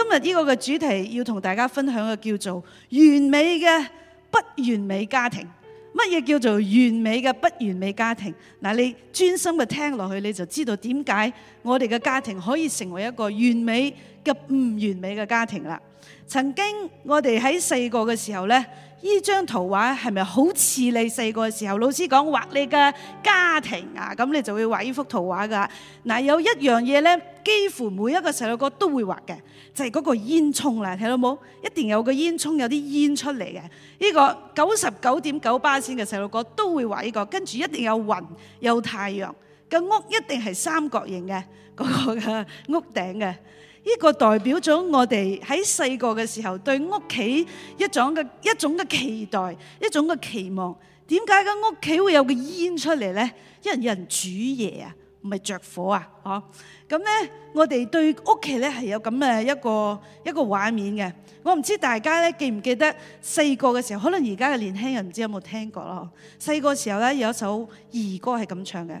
今日呢個主題要同大家分享嘅叫做完美嘅不完美家庭。乜嘢叫做完美嘅不完美家庭？嗱，你專心嘅聽落去，你就知道點解我哋嘅家庭可以成為一個完美嘅唔完美嘅家庭啦。曾經我哋喺細個嘅時候呢，呢張圖畫係咪好似你細個嘅時候老師講畫你嘅家庭呀？咁你就會畫呢幅圖畫㗎。嗱，有一樣嘢呢，幾乎每一個細路哥都會畫嘅，就係、是、嗰個煙囪啦，睇到冇？一定有個煙囪有啲煙出嚟嘅。呢、這個九十九點九八分嘅細路哥都會畫呢、這個，跟住一定有雲，有太陽，個屋一定係三角形嘅嗰、那個屋頂嘅。呢、這個代表咗我哋喺細個嘅時候對屋企一種嘅期待，一種嘅期望。點解嘅屋企會有個煙出嚟呢？有人，有人煮嘢啊，唔係着火啊，咁我哋對屋企咧係有咁嘅一個一個畫面嘅。我唔知道大家咧記唔記得細個嘅時候，可能而家嘅年輕人唔知道有冇有聽過過細個時候有有首兒歌係咁唱嘅。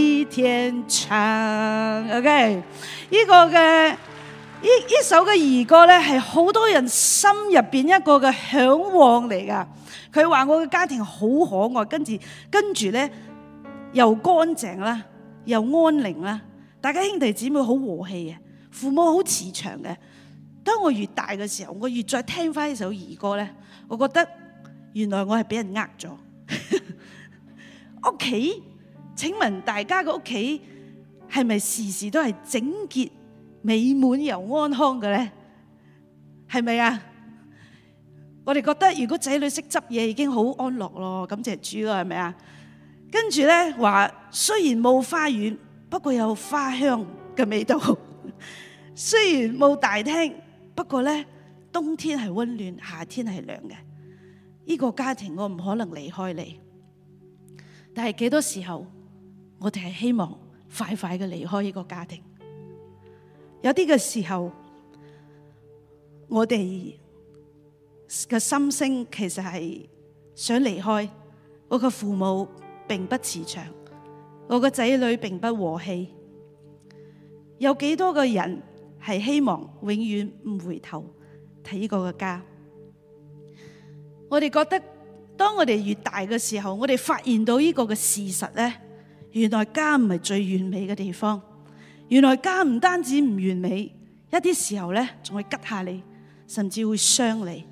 天長，OK？呢個嘅呢呢首嘅兒歌咧，係好多人心入邊一個嘅向往嚟㗎。佢話我嘅家庭好可愛，跟住跟住咧又乾淨啦，又安寧啦。大家兄弟姊妹好和氣嘅，父母好慈祥嘅。當我越大嘅時候，我越再聽翻呢首兒歌咧，我覺得原來我係俾人呃咗屋企。 okay? 請問大家嘅屋企係咪時時都係整潔、美滿又安康嘅咧？係咪啊？我哋覺得如果仔女識執嘢已經好安樂咯，感謝主啊，係咪啊？跟住咧話，雖然冇花園，不過有花香嘅味道；雖然冇大廳，不過咧冬天係溫暖，夏天係涼嘅。呢個家庭我唔可能離開你，但係幾多時候？我哋係希望快快嘅離開呢個家庭。有啲嘅時候，我哋嘅心聲其實係想離開。我嘅父母並不慈祥，我嘅仔女並不和氣。有幾多嘅人係希望永遠唔回頭睇呢個嘅家？我哋覺得，當我哋越大嘅時候，我哋發現到呢個嘅事實咧。原來家唔係最完美嘅地方，原來家唔單止唔完美，一啲時候咧仲會拮下你，甚至會傷你。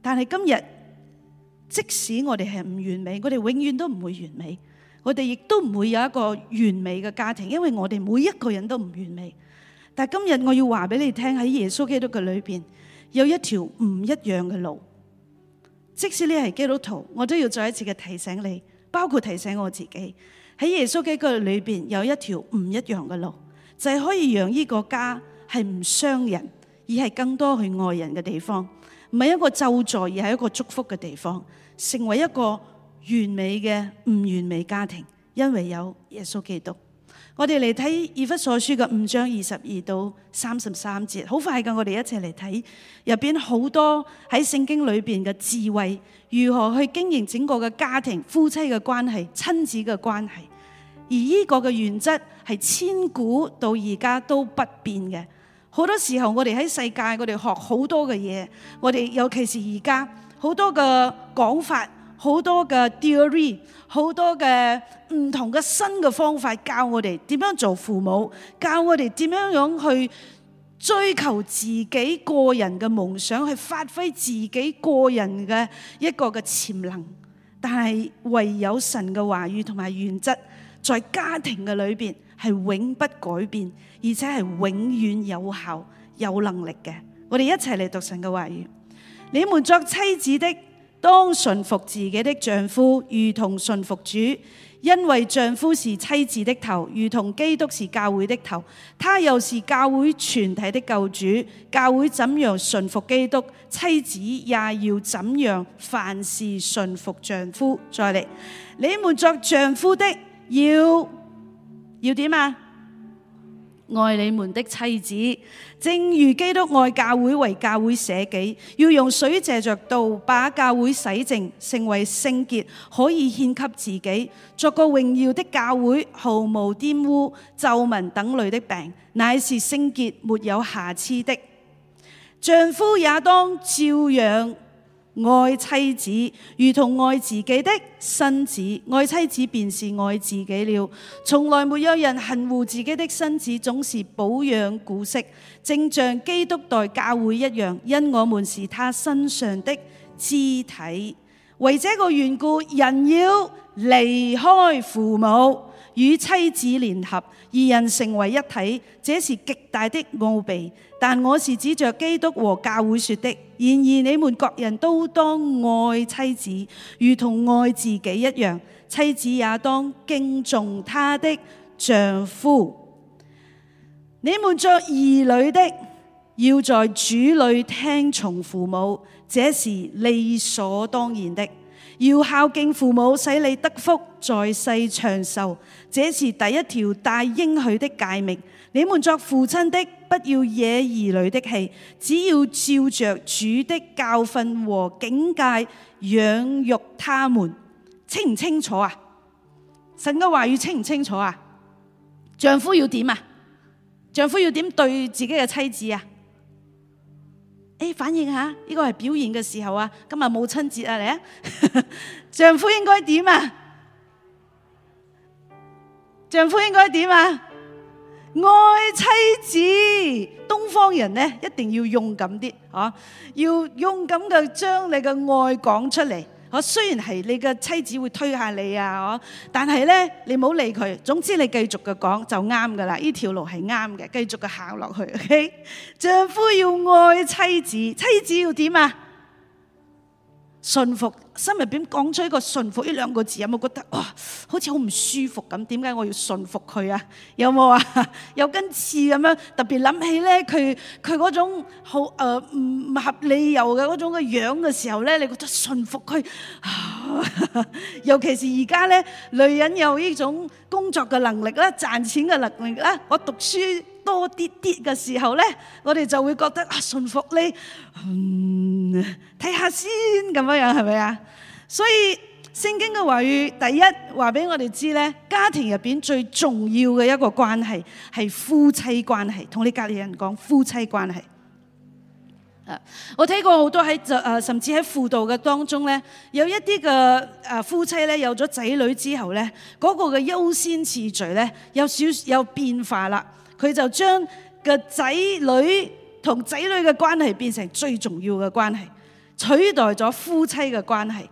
但係今日，即使我哋係唔完美，我哋永遠都唔會完美，我哋亦都唔會有一個完美嘅家庭，因為我哋每一個人都唔完美。但係今日，我要話俾你聽，喺耶穌基督嘅裏面，有一條唔一樣嘅路。即使你係基督徒，我都要再一次嘅提醒你。包括提醒我自己，喺耶穌基督裏邊有一條唔一樣嘅路，就係、是、可以讓呢個家係唔傷人，而係更多去愛人嘅地方，唔係一個咒詛，而係一個祝福嘅地方，成為一個完美嘅唔完美家庭，因為有耶穌基督。我哋嚟睇《以弗所書》嘅五章二十二到三十三節，好快㗎！我哋一齊嚟睇入邊好多喺聖經裏面嘅智慧，如何去經營整個嘅家庭、夫妻嘅關係、親子嘅關係。而呢個嘅原則係千古到而家都不變嘅。好多時候我哋喺世界我們學很多的，我哋學好多嘅嘢，我哋尤其是而家好多嘅講法。好多嘅 theory，好多嘅唔同嘅新嘅方法教我哋點樣做父母，教我哋點樣樣去追求自己個人嘅夢想，去發揮自己個人嘅一個嘅潛能。但係唯有神嘅話語同埋原則，在家庭嘅裏邊係永不改變，而且係永遠有效、有能力嘅。我哋一齊嚟讀神嘅話語。你們作妻子的。當順服自己的丈夫，如同順服主，因為丈夫是妻子的頭，如同基督是教會的頭，他又是教會全體的救主。教會怎樣順服基督，妻子也要怎樣凡事順服丈夫。再嚟，你們作丈夫的要要點啊？愛你們的妻子，正如基督愛教會，為教會捨己，要用水借着道把教會洗淨，成為聖潔，可以獻給自己，作個榮耀的教會，毫無玷污、皺紋等類的病，乃是聖潔，沒有瑕疵的。丈夫也當照樣愛妻子如同愛自己的身子，愛妻子便是愛自己了。從來沒有人恨惡自己的身子，總是保養顧惜。正像基督待教會一樣，因我們是他身上的肢體。為這個緣故，人要離開父母，與妻子聯合，二人成為一體，這是極大的奧秘。但我是指着基督和教會說的。然而你們各人都當愛妻子，如同愛自己一樣；妻子也當敬重她的丈夫。你們作兒女的，要在主裏聽從父母，這是理所當然的；要孝敬父母，使你得福在世長壽。這是第一條帶應許的誡命。你們作父親的。不要惹兒女的氣，只要照着主的教訓和警戒養育他們，清唔清楚啊？神嘅話語清唔清楚啊？丈夫要點啊？丈夫要點對自己嘅妻子啊？誒、哎，反應下，呢、這個係表演嘅時候啊！今日母親節啊，嚟 啊！丈夫應該點啊？丈夫應該點啊？，愛妻子，東方人呢一定要勇敢啲，吓、啊，要勇敢嘅，將你嘅愛講出嚟，吓、啊，雖然係你嘅妻子會推下你啊，啊但係咧你唔好理佢，總之你繼續嘅講就啱㗎喇，呢條路係啱嘅，繼續嘅行落去，丈夫要愛妻子，妻子要點啊？順服，心入邊講出一個順服呢兩個字，有冇覺得哇，好似好唔舒服咁？點解我要順服佢啊？有冇啊？有根刺咁樣，特別諗起咧，佢佢嗰種好誒唔合理由嘅嗰種嘅樣嘅時候咧，你覺得順服佢？尤其是而家咧，女人有呢種工作嘅能力啦、賺錢嘅能力啦，我讀書。多啲啲嘅時候呢，我哋就會覺得啊，順服你，嗯、睇下先咁樣樣係咪啊？所以聖經嘅話語，第一話俾我哋知呢，家庭入邊最重要嘅一個關係係夫妻關係，同你隔籬人講夫妻關係。我睇過好多喺誒甚至喺輔導嘅當中呢，有一啲嘅誒夫妻呢，有咗仔女之後呢，嗰、嗰個嘅優先次序呢，有少有變化啦。佢就將個仔女同仔女嘅關係變成最重要嘅關係，取代咗夫妻嘅關係。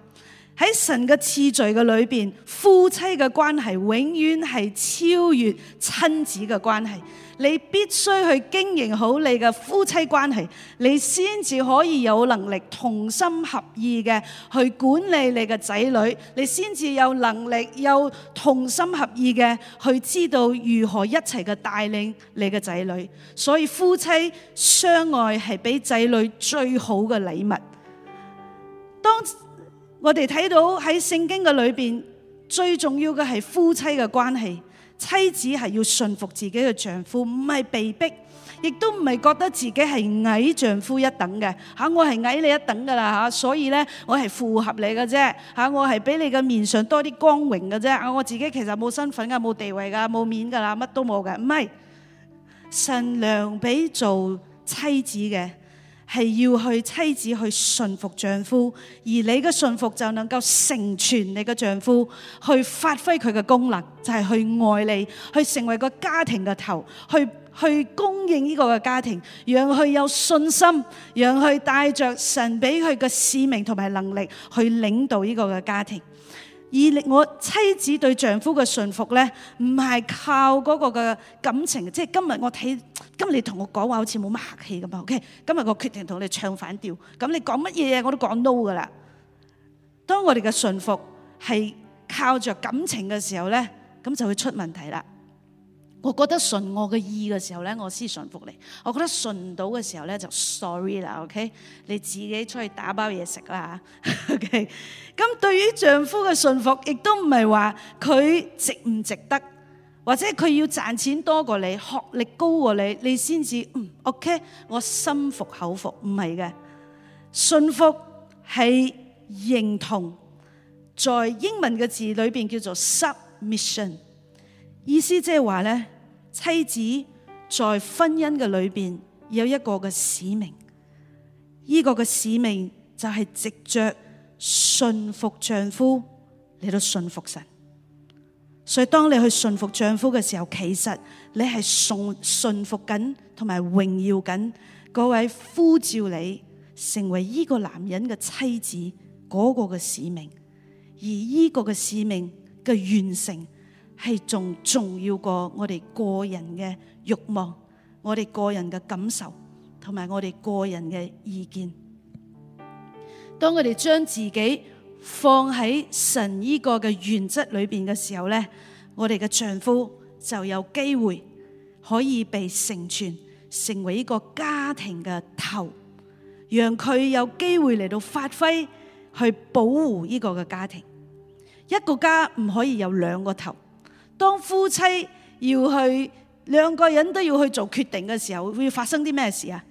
喺神嘅次序嘅裏邊，夫妻嘅關係永遠係超越親子嘅關係。你必須去經營好你嘅夫妻關係，你先至可以有能力同心合意嘅去管理你嘅仔女，你先至有能力又同心合意嘅去知道如何一齊嘅帶領你嘅仔女。所以夫妻相愛係俾仔女最好嘅禮物。當我哋睇到喺聖經嘅裏面最重要嘅係夫妻嘅關係。妻子係要順服自己嘅丈夫，唔係被逼，亦都唔係覺得自己係矮丈夫一等嘅。我係矮你一等㗎啦，所以我係符合你㗎啫。我係畀你嘅面上多啲光榮㗎啫。我自己其實冇身份㗎，冇地位噶，冇面噶啦，乜都冇嘅。唔係，神良畀做妻子嘅，係要去妻子去順服丈夫，而你嘅順服就能夠成全你嘅丈夫，去發揮佢嘅功能，就係、是、去愛你，去成為個家庭嘅頭，去去供應呢個嘅家庭，讓佢有信心，讓佢帶着神畀佢嘅使命同埋能力去領導呢個嘅家庭。而令我妻子對丈夫嘅順服呢，唔係靠嗰個嘅感情。即係今日我睇，今日你同我講話好似冇乜客氣咁啊！OK，今日我決定同你唱反調。咁你講乜嘢我都講 no 㗎喇。當我哋嘅順服係靠著感情嘅時候呢，咁就會出問題啦。我覺得順我嘅意嘅時候咧，我先順服你；我覺得順唔到嘅時候咧，就 sorry 啦，OK？你自己出去打包嘢食啦，OK？咁對於丈夫嘅順服，亦都唔係話佢值唔值得，或者佢要賺錢多過你，學歷高過你，你先至嗯 OK？我心服口服，唔係嘅。順服係認同，在英文嘅字裏面叫做 submission。意思即係話咧，妻子在婚姻嘅裏邊有一個嘅使命，依、這個嘅使命就係藉着信服丈夫，你都信服神。所以當你去信服丈夫嘅時候，其實你係信信服緊同埋榮耀緊，嗰位呼召你成為依個男人嘅妻子嗰個嘅使命，而依個嘅使命嘅完成係仲重要過我哋個人嘅欲望，我哋個人嘅感受，同埋我哋個人嘅意見。當我哋將自己放喺神呢個嘅原則裏邊嘅時候呢，我哋嘅丈夫就有機會可以被成全，成為一個家庭嘅頭，讓佢有機會嚟到發揮去保護呢個嘅家庭。一個家唔可以有兩個頭。當夫妻要去兩個人都要去做決定嘅時候，會發生啲咩事啊？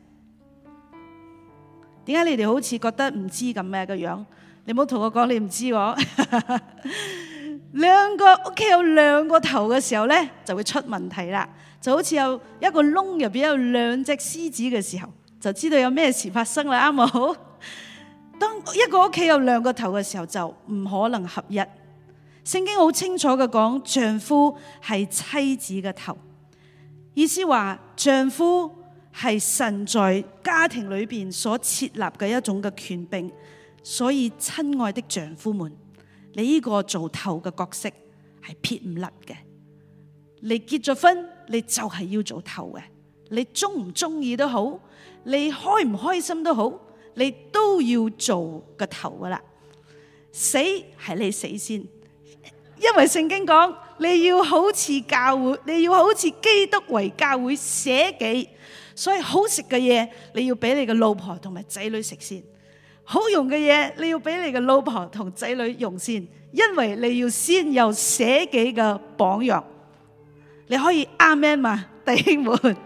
點解你哋好似覺得唔知咁咩嘅樣？你冇同我講你唔知喎。 兩個屋企有兩個頭嘅時候呢，就會出問題啦。就好似有一個窿入邊有兩隻獅子嘅時候，就知道有咩事發生啦，啱冇？當一個屋企有兩個頭嘅時候，就唔可能合一。聖經好清楚嘅講，丈夫係妻子嘅頭，意思話丈夫係神在家庭裏邊所設立嘅一種嘅權柄。所以，親愛的丈夫們，你呢個做頭嘅角色係撇唔甩嘅。你結咗婚，你就係要做頭嘅。你中唔中意都好，你開唔開心都好，你都要做個頭噶啦。死係你死先。因為聖經講，你要好似教會，你要好似基督為教會捨己，所以好食嘅嘢，你要俾你嘅老婆同埋仔女食先，好用嘅嘢，你要俾你嘅老婆同仔女用先，因為你要先有捨己嘅榜樣。你可以 Amen 嘛，弟兄們？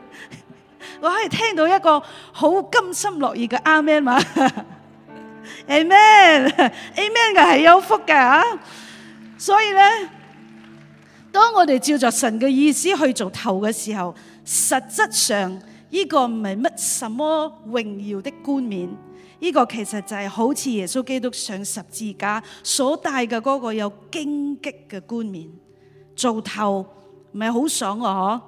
我可以聽到一個好甘心樂意嘅 Amen 嘛。Amen，Amen 嘅係有福嘅啊。所以咧，當我哋照着神嘅意思去做頭嘅時候，實質上呢個唔係乜什麼榮耀的冠冕，呢個其實就係好似耶穌基督上十字架所帶嘅嗰個有荊棘嘅冠冕，做頭唔係好爽嘅嗬。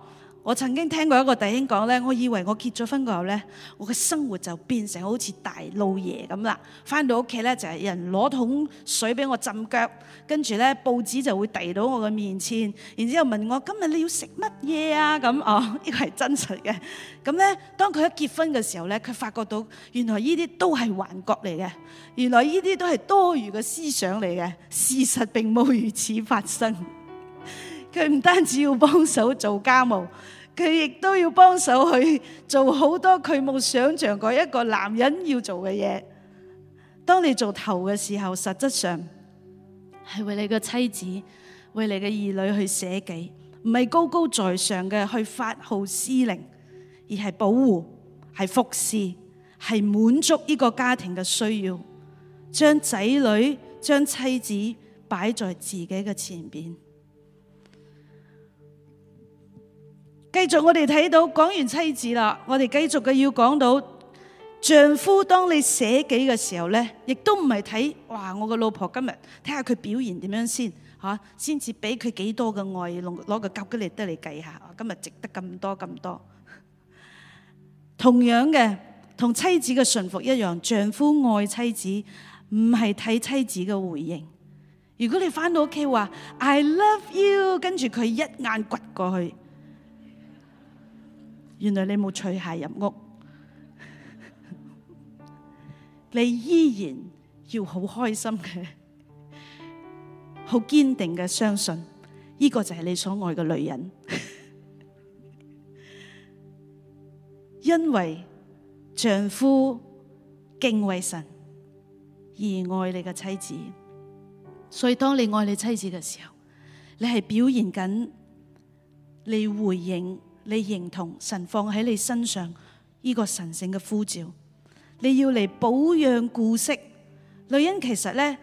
我曾經聽過一個弟兄講呢：「我以為我結咗婚之後呢，我嘅生活就變成好似大老爺咁啦。返到屋企呢，就係有人攞桶水俾我浸腳，跟住呢報紙就會遞到我嘅面前，然之後問我今日你要食乜嘢呀？」咁哦，呢個係真實嘅。咁呢，當佢一結婚嘅時候呢，佢發覺到原來呢啲都係幻覺嚟嘅，原來呢啲都係多餘嘅思想嚟嘅，事實並冇如此發生。佢唔單止要幫手做家務，佢亦都要幫手去做好多佢冇想像過一個男人要做嘅嘢。當你做頭嘅時候，實質上係為你嘅妻子、為你嘅兒女去捨己，唔係高高在上嘅去發號施令，而係保護、係服侍、係滿足呢個家庭嘅需要，將仔女、將妻子擺在自己嘅前面。繼續我哋睇到講完妻子啦，我哋繼續嘅要講到丈夫。當你捨己嘅時候咧，亦都唔係睇，哇，我嘅老婆今日睇下佢表現點樣先吓，先至俾佢幾多嘅愛，攞個力計嚟得嚟計下，啊、今日值得咁多咁多。同樣嘅，同妻子嘅順服一樣，丈夫愛妻子唔係睇妻子嘅回應。如果你翻到屋企話 I love you，跟住佢一眼掘過去。原來你冇除鞋入屋，你依然要好開心嘅、好堅定嘅相信，呢個就係你所愛嘅女人。因為丈夫敬畏神而愛你嘅妻子，所以當你愛你妻子嘅時候，你係表現緊你回應。你認同神放喺你身上呢個神聖嘅呼召，你要嚟保養顧惜。女人其實呢，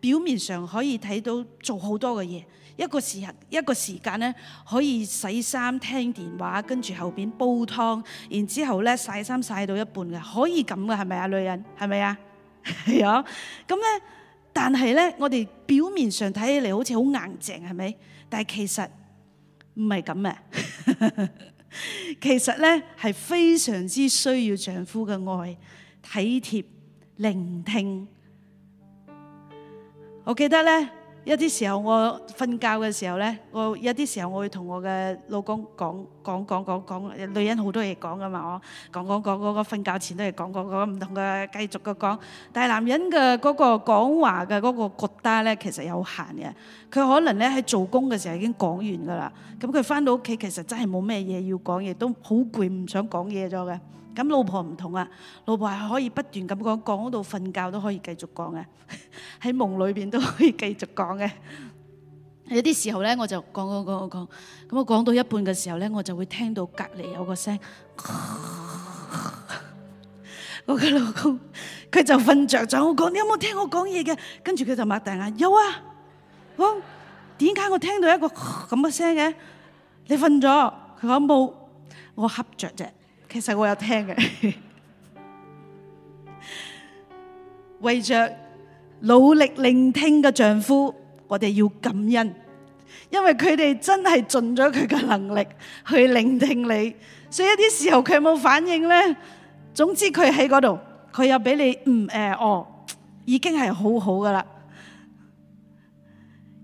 表面上可以睇到做好多嘅嘢，一個時一個時間呢，可以洗衫、聽電話，跟住後邊煲湯，然之後呢，曬衫曬到一半嘅可以咁嘅，係咪啊？女人係咪啊？係啊。咁呢，但係呢，我哋表面上睇起嚟好似好硬淨，係咪？但係其實。唔係咁樣的。 其實呢係非常之需要丈夫嘅愛、體貼、聆聽。我記得呢。一啲時候我瞓覺嘅時候呢，我有啲時候我要同我嘅老公講講講講，女人好多嘢講噶嘛，哦，講講講嗰個瞓覺前都係講講講唔同嘅，繼續嘅講。但係男人嘅嗰、那個講話嘅嗰、那個幅度咧，其實有限嘅。佢可能咧喺做工嘅時候已經講完噶啦，咁佢翻到屋企其實真係冇咩嘢要講，亦都好攰唔想講嘢咗嘅。咁老婆唔同啊，老婆係可以不斷咁講，講到瞓覺都可以繼續講嘅，喺夢裏邊都可以繼續講嘅。有啲時候咧，我就講講講講，咁我講到一半嘅時候咧，我就會聽到隔籬有個聲，我嘅老公佢就瞓着咗。我講，你有冇聽我講嘢嘅？跟住佢就擘大眼，有啊。好，點解我聽到一個咁嘅聲嘅？你瞓咗？佢話冇，我瞌着啫。其實我有聽嘅， 為着努力聆聽嘅丈夫，我哋要感恩，因為佢哋真係盡咗佢嘅能力去聆聽你。所以一啲時候佢冇反應咧，總之佢喺嗰度，佢又俾你唔誒、嗯呃，哦，已經係好好噶啦。呢、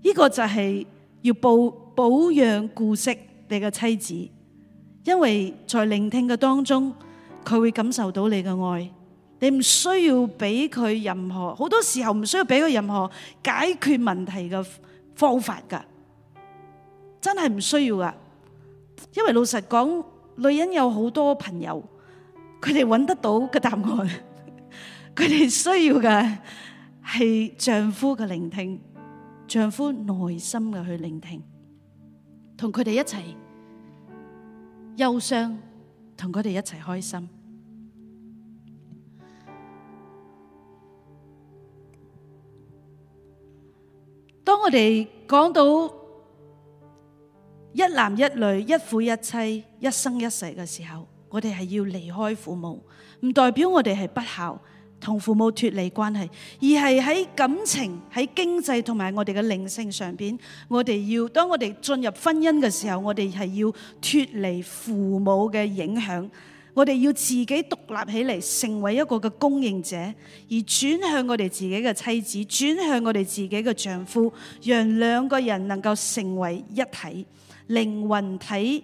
呢個就係要保保養顧惜你嘅妻子。因為在聆聽嘅當中，佢會感受到你嘅愛。你唔需要俾佢任何，好多時候唔需要俾佢任何解決問題嘅方法㗎，真係唔需要㗎。因為老實講，女人有好多朋友，佢哋揾得到嘅答案，佢哋需要嘅係丈夫嘅聆聽，丈夫耐心嘅去聆聽，同佢哋一齊。憂傷，同佢哋一齊開心。當我哋講到一男一女、一夫一妻、一生一世嘅時候，我哋係要離開父母，唔代表我哋係不孝。同父母脫離關係，而係喺感情、喺經濟同埋我哋嘅靈性上邊，我哋要當我哋進入婚姻嘅時候，我哋係要脫離父母嘅影響，我哋要自己獨立起嚟，成為一個嘅供應者，而轉向我哋自己嘅妻子，轉向我哋自己嘅丈夫，讓兩個人能夠成為一體，靈魂體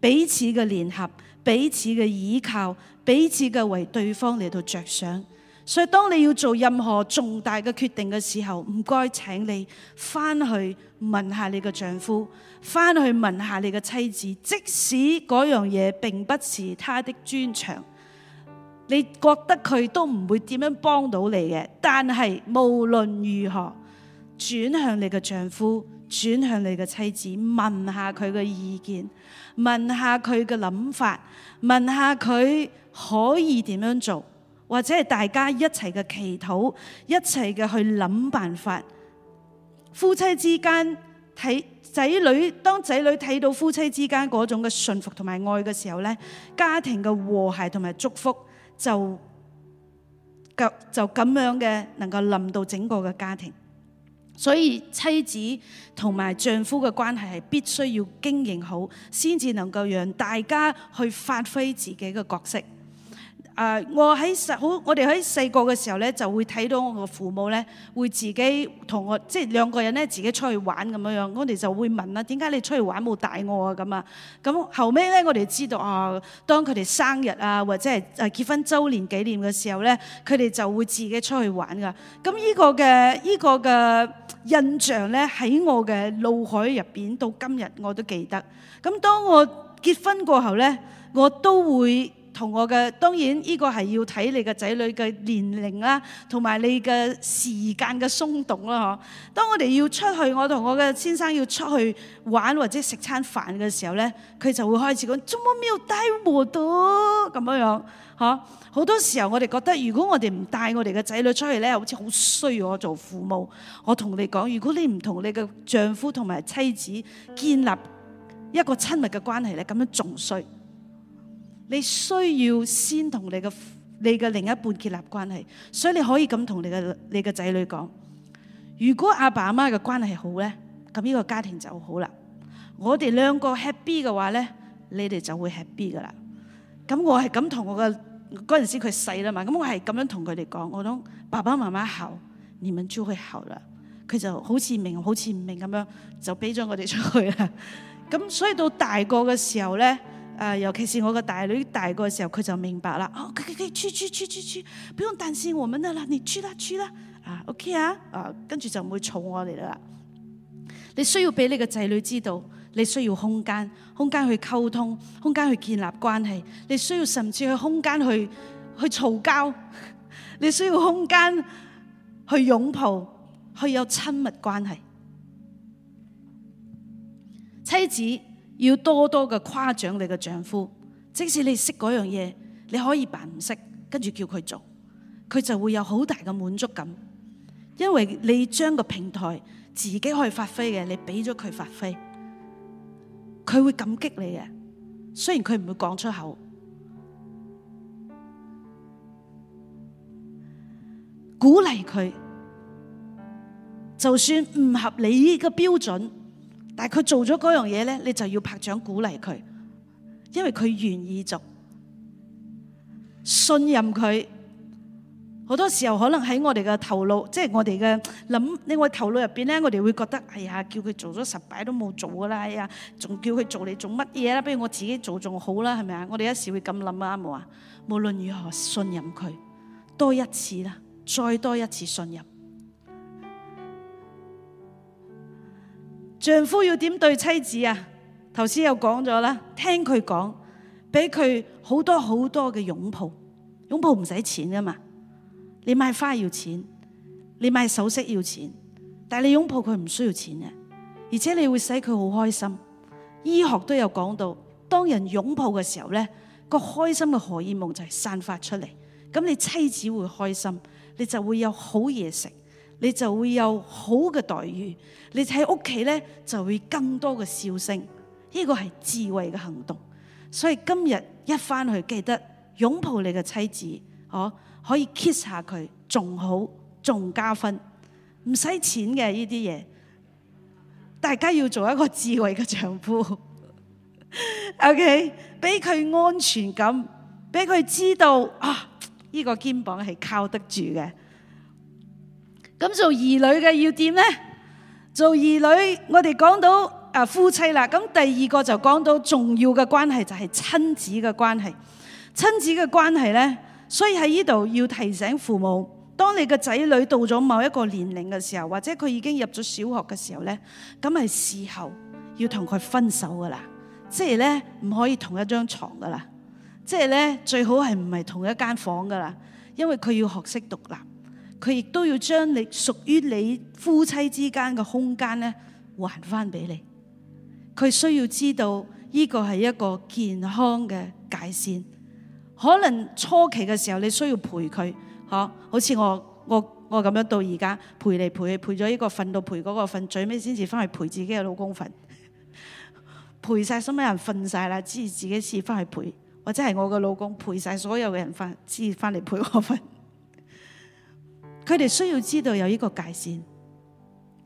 彼此嘅聯合，彼此嘅倚靠，彼此嘅為對方嚟到着想。所以，當你要做任何重大嘅決定嘅時候，唔該請你返去問下你嘅丈夫，返去問下你嘅妻子。即使嗰樣嘢並不是他的專長，你覺得佢都唔會點樣幫到你嘅。但係，無論如何，轉向你嘅丈夫，轉向你嘅妻子，問下佢嘅意見，問下佢嘅諗法，問下佢可以點樣做。或者係大家一齊嘅祈禱，一齊嘅去諗辦法。夫妻之間睇仔女，當仔女睇到夫妻之間嗰種嘅順服同埋愛嘅時候呢，家庭嘅和諧同埋祝福就就就咁樣嘅能夠臨到整個嘅家庭。所以妻子同埋丈夫嘅關係係必須要經營好，先至能夠讓大家去發揮自己嘅角色。誒，我喺細好，我哋喺細個嘅時候咧，就會睇到我嘅父母咧，會自己同我即係兩個人咧，自己出去玩咁樣樣。我哋就會問啦，點解你出去玩冇帶我啊？咁啊，咁後尾咧，我哋知道啊，當佢哋生日啊，或者係誒結婚周年紀念嘅時候咧，佢哋就會自己出去玩噶。咁呢個嘅呢個嘅印象咧，喺我嘅腦海入邊，到今日我都記得。咁當我結婚過後咧，我都會。同我嘅，當然呢個係要睇你嘅仔女嘅年齡啦，同埋你嘅時間嘅鬆動啦，嗬、啊。當我哋要出去，我同我嘅先生要出去玩或者食餐飯嘅時候咧，佢就會開始講「做乜冇帶我去？」咁樣樣，嗬、啊。好多時候我哋覺得，如果我哋唔帶我哋嘅仔女出去咧，好似好衰。我做父母，我同你講，如果你唔同你嘅丈夫同埋妻子建立一個親密嘅關係咧，咁樣仲衰。你需要先同你嘅你嘅另一半建立關係，所以你可以咁同你嘅你嘅仔女講：如果阿爸阿媽嘅關係好咧，咁呢個家庭就好啦。我哋兩個 happy 嘅話咧，你哋就會 happy 噶啦。咁我係咁同我嘅嗰陣時佢細啦嘛，咁我係咁樣同佢哋講：我諗爸爸媽媽好，你哋出去好啦。佢就好似明好似唔明咁樣，就俾咗我哋出去啦。咁所以到大個嘅時候咧。啊，尤其是我個大女大個嘅時候，佢就明白啦。哦，佢佢佢，以去去去去不用擔心我們嘅啦，你去啦去啦，啊，OK 啊，啊，跟住就唔會吵我哋啦。你需要俾你個仔女知道，你需要空間，空間去溝通，空間去建立關係，你需要甚至空間去空間去去嘈交，你需要空間去擁抱，去有親密關係。妻子。要多多嘅誇獎你嘅丈夫，即使你識嗰樣嘢，你可以扮唔識，跟住叫佢做，佢就會有好大嘅滿足感。因為你將個平台自己可以發揮嘅，你俾咗佢發揮，佢會感激你嘅。雖然佢唔會講出口，鼓勵佢，就算唔合理嘅個標準。但係佢做咗嗰樣嘢咧，你就要拍掌鼓勵佢，因為佢願意做，信任佢。好多時候可能喺我哋嘅頭腦，即係我哋嘅諗呢個頭腦入邊咧，我哋會覺得，哎呀，叫佢做咗十擺都冇做噶啦，哎呀，仲叫佢做你做乜嘢啦？不如我自己做仲好啦，係咪啊？我哋一時會咁諗啊，毛啊。無論如何，信任佢，多一次啦，再多一次信任。丈夫要點對妻子啊？頭先又講咗啦，聽佢講，俾佢好多好多嘅擁抱，擁抱唔使錢吖嘛，你買花要錢，你買首飾要錢，但係你擁抱佢唔需要錢嘅，而且你會使佢好開心。醫學都有講到，當人擁抱嘅時候呢，個開心嘅荷爾蒙就係散發出嚟，咁你妻子會開心，你就會有好嘢食。你就會有好嘅待遇，你喺屋企咧就會更多嘅笑聲。呢個係智慧嘅行動。所以今日一翻去，記得擁抱你嘅妻子，哦，可以 kiss 下佢，仲好，仲加分，唔使錢嘅呢啲嘢。大家要做一個智慧嘅丈夫。OK，俾佢安全感，俾佢知道啊，呢個肩膀係靠得住嘅。咁做兒女嘅要點呢？做兒女，我哋講到啊夫妻啦。咁第二個就講到重要嘅關係就係親子嘅關係。親子嘅關係呢，所以喺呢度要提醒父母，當你嘅仔女到咗某一個年齡嘅時候，或者佢已經入咗小學嘅時候呢，咁係時候要同佢分手噶啦。即係呢，唔可以同一張床噶啦。即係呢，最好係唔係同一間房噶啦，因為佢要學識獨立。佢亦都要將你屬於你夫妻之間嘅空間咧，還翻俾你。佢需要知道呢個係一個健康嘅界線。可能初期嘅時候你需要陪佢，嗬，好似我我我咁樣到而家陪嚟，陪去，陪咗呢個瞓到陪嗰個瞓，最尾先至翻去陪自己嘅老公瞓，陪晒所有人瞓晒啦，之後自己先翻去陪，或者係我嘅老公陪晒所有嘅人瞓，之後翻嚟陪我瞓。佢哋需要知道有呢個界線，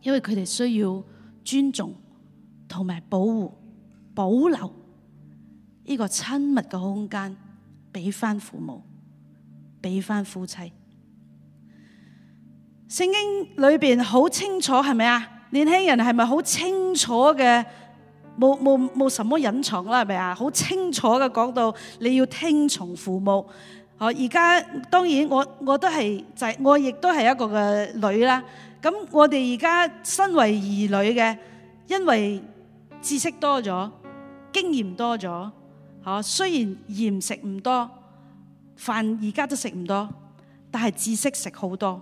因為佢哋需要尊重同埋保護、保留呢個親密嘅空間，俾翻父母，俾翻夫妻。聖經裏邊好清楚係咪啊？年輕人係咪好清楚嘅？冇冇冇什麼隱藏啦，係咪啊？好清楚嘅講到，你要聽從父母。而家當然我我都係我亦都係一個女啦。咁我哋而家身為兒女嘅，因為知識多咗，經驗多咗。雖然鹽食唔多，飯而家都食唔多，但係知識食好多。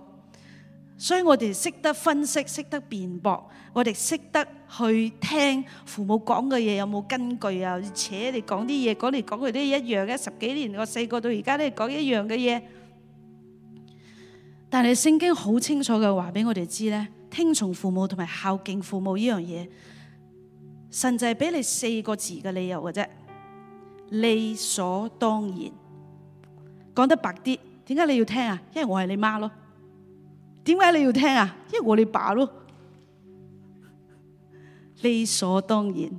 所以我哋識得分析，識得辯駁，我哋識得去聽父母講嘅嘢有冇根據啊？而且你講啲嘢，講嚟講去都一樣嘅，十幾年我細個到而家都係講一樣嘅嘢。但係聖經好清楚嘅話俾我哋知咧，聽從父母同埋孝敬父母呢樣嘢，甚至係俾你四個字嘅理由嘅啫，理所當然。講得白啲，點解你要聽啊？因為我係你媽咯。點解你要聽啊？因為我哋爸咯，理所當然。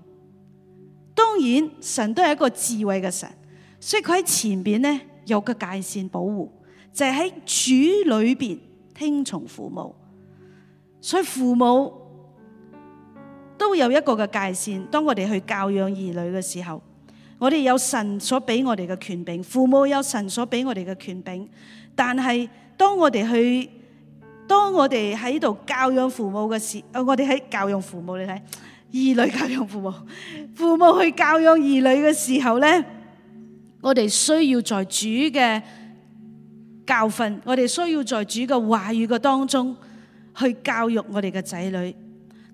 當然，神都係一個智慧嘅神，所以佢喺前邊咧有個界線保護，就係喺主裏邊聽從父母。所以父母都有一個嘅界線，當我哋去教養兒女嘅時候，我哋有神所俾我哋嘅權柄，父母有神所俾我哋嘅權柄，但係當我哋去。當我哋喺度教養父母嘅時候，我哋喺教養父母，你睇兒女教養父母，父母去教養兒女嘅時候咧，我哋需要在主嘅教訓，我哋需要在主嘅話語嘅當中去教育我哋嘅仔女。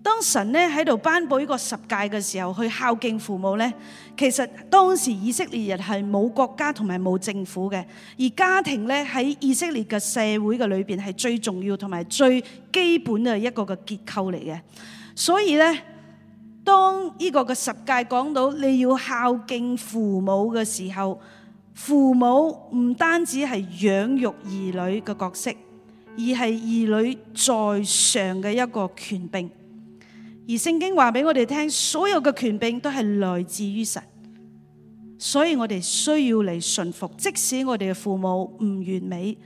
當神咧喺度頒布呢個十戒嘅時候，去孝敬父母呢？其實當時以色列人係冇國家同埋冇政府嘅，而家庭呢，喺以色列嘅社會嘅裏邊係最重要同埋最基本嘅一個嘅結構嚟嘅。所以呢，當呢個嘅十戒講到你要孝敬父母嘅時候，父母唔單止係養育兒女嘅角色，而係兒女在上嘅一個權柄。而聖經話俾我哋聽，所有嘅權柄都係來自於神，所以我哋需要嚟順服。即使我哋嘅父母唔完美，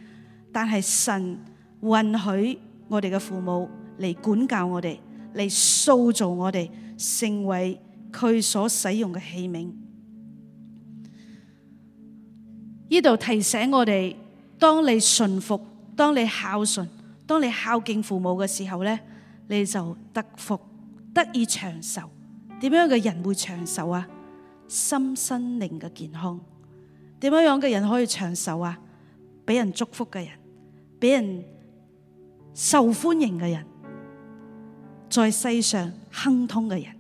但係神允許我哋嘅父母嚟管教我哋，嚟塑造我哋成為佢所使用嘅器皿。呢度提醒我哋：當你順服，當你孝順，當你孝敬父母嘅時候咧，你就得福。得以長壽，點樣嘅人會長壽啊？心身靈嘅健康，點樣樣嘅人可以長壽啊？俾人祝福嘅人，俾人受歡迎嘅人，在世上亨通嘅人，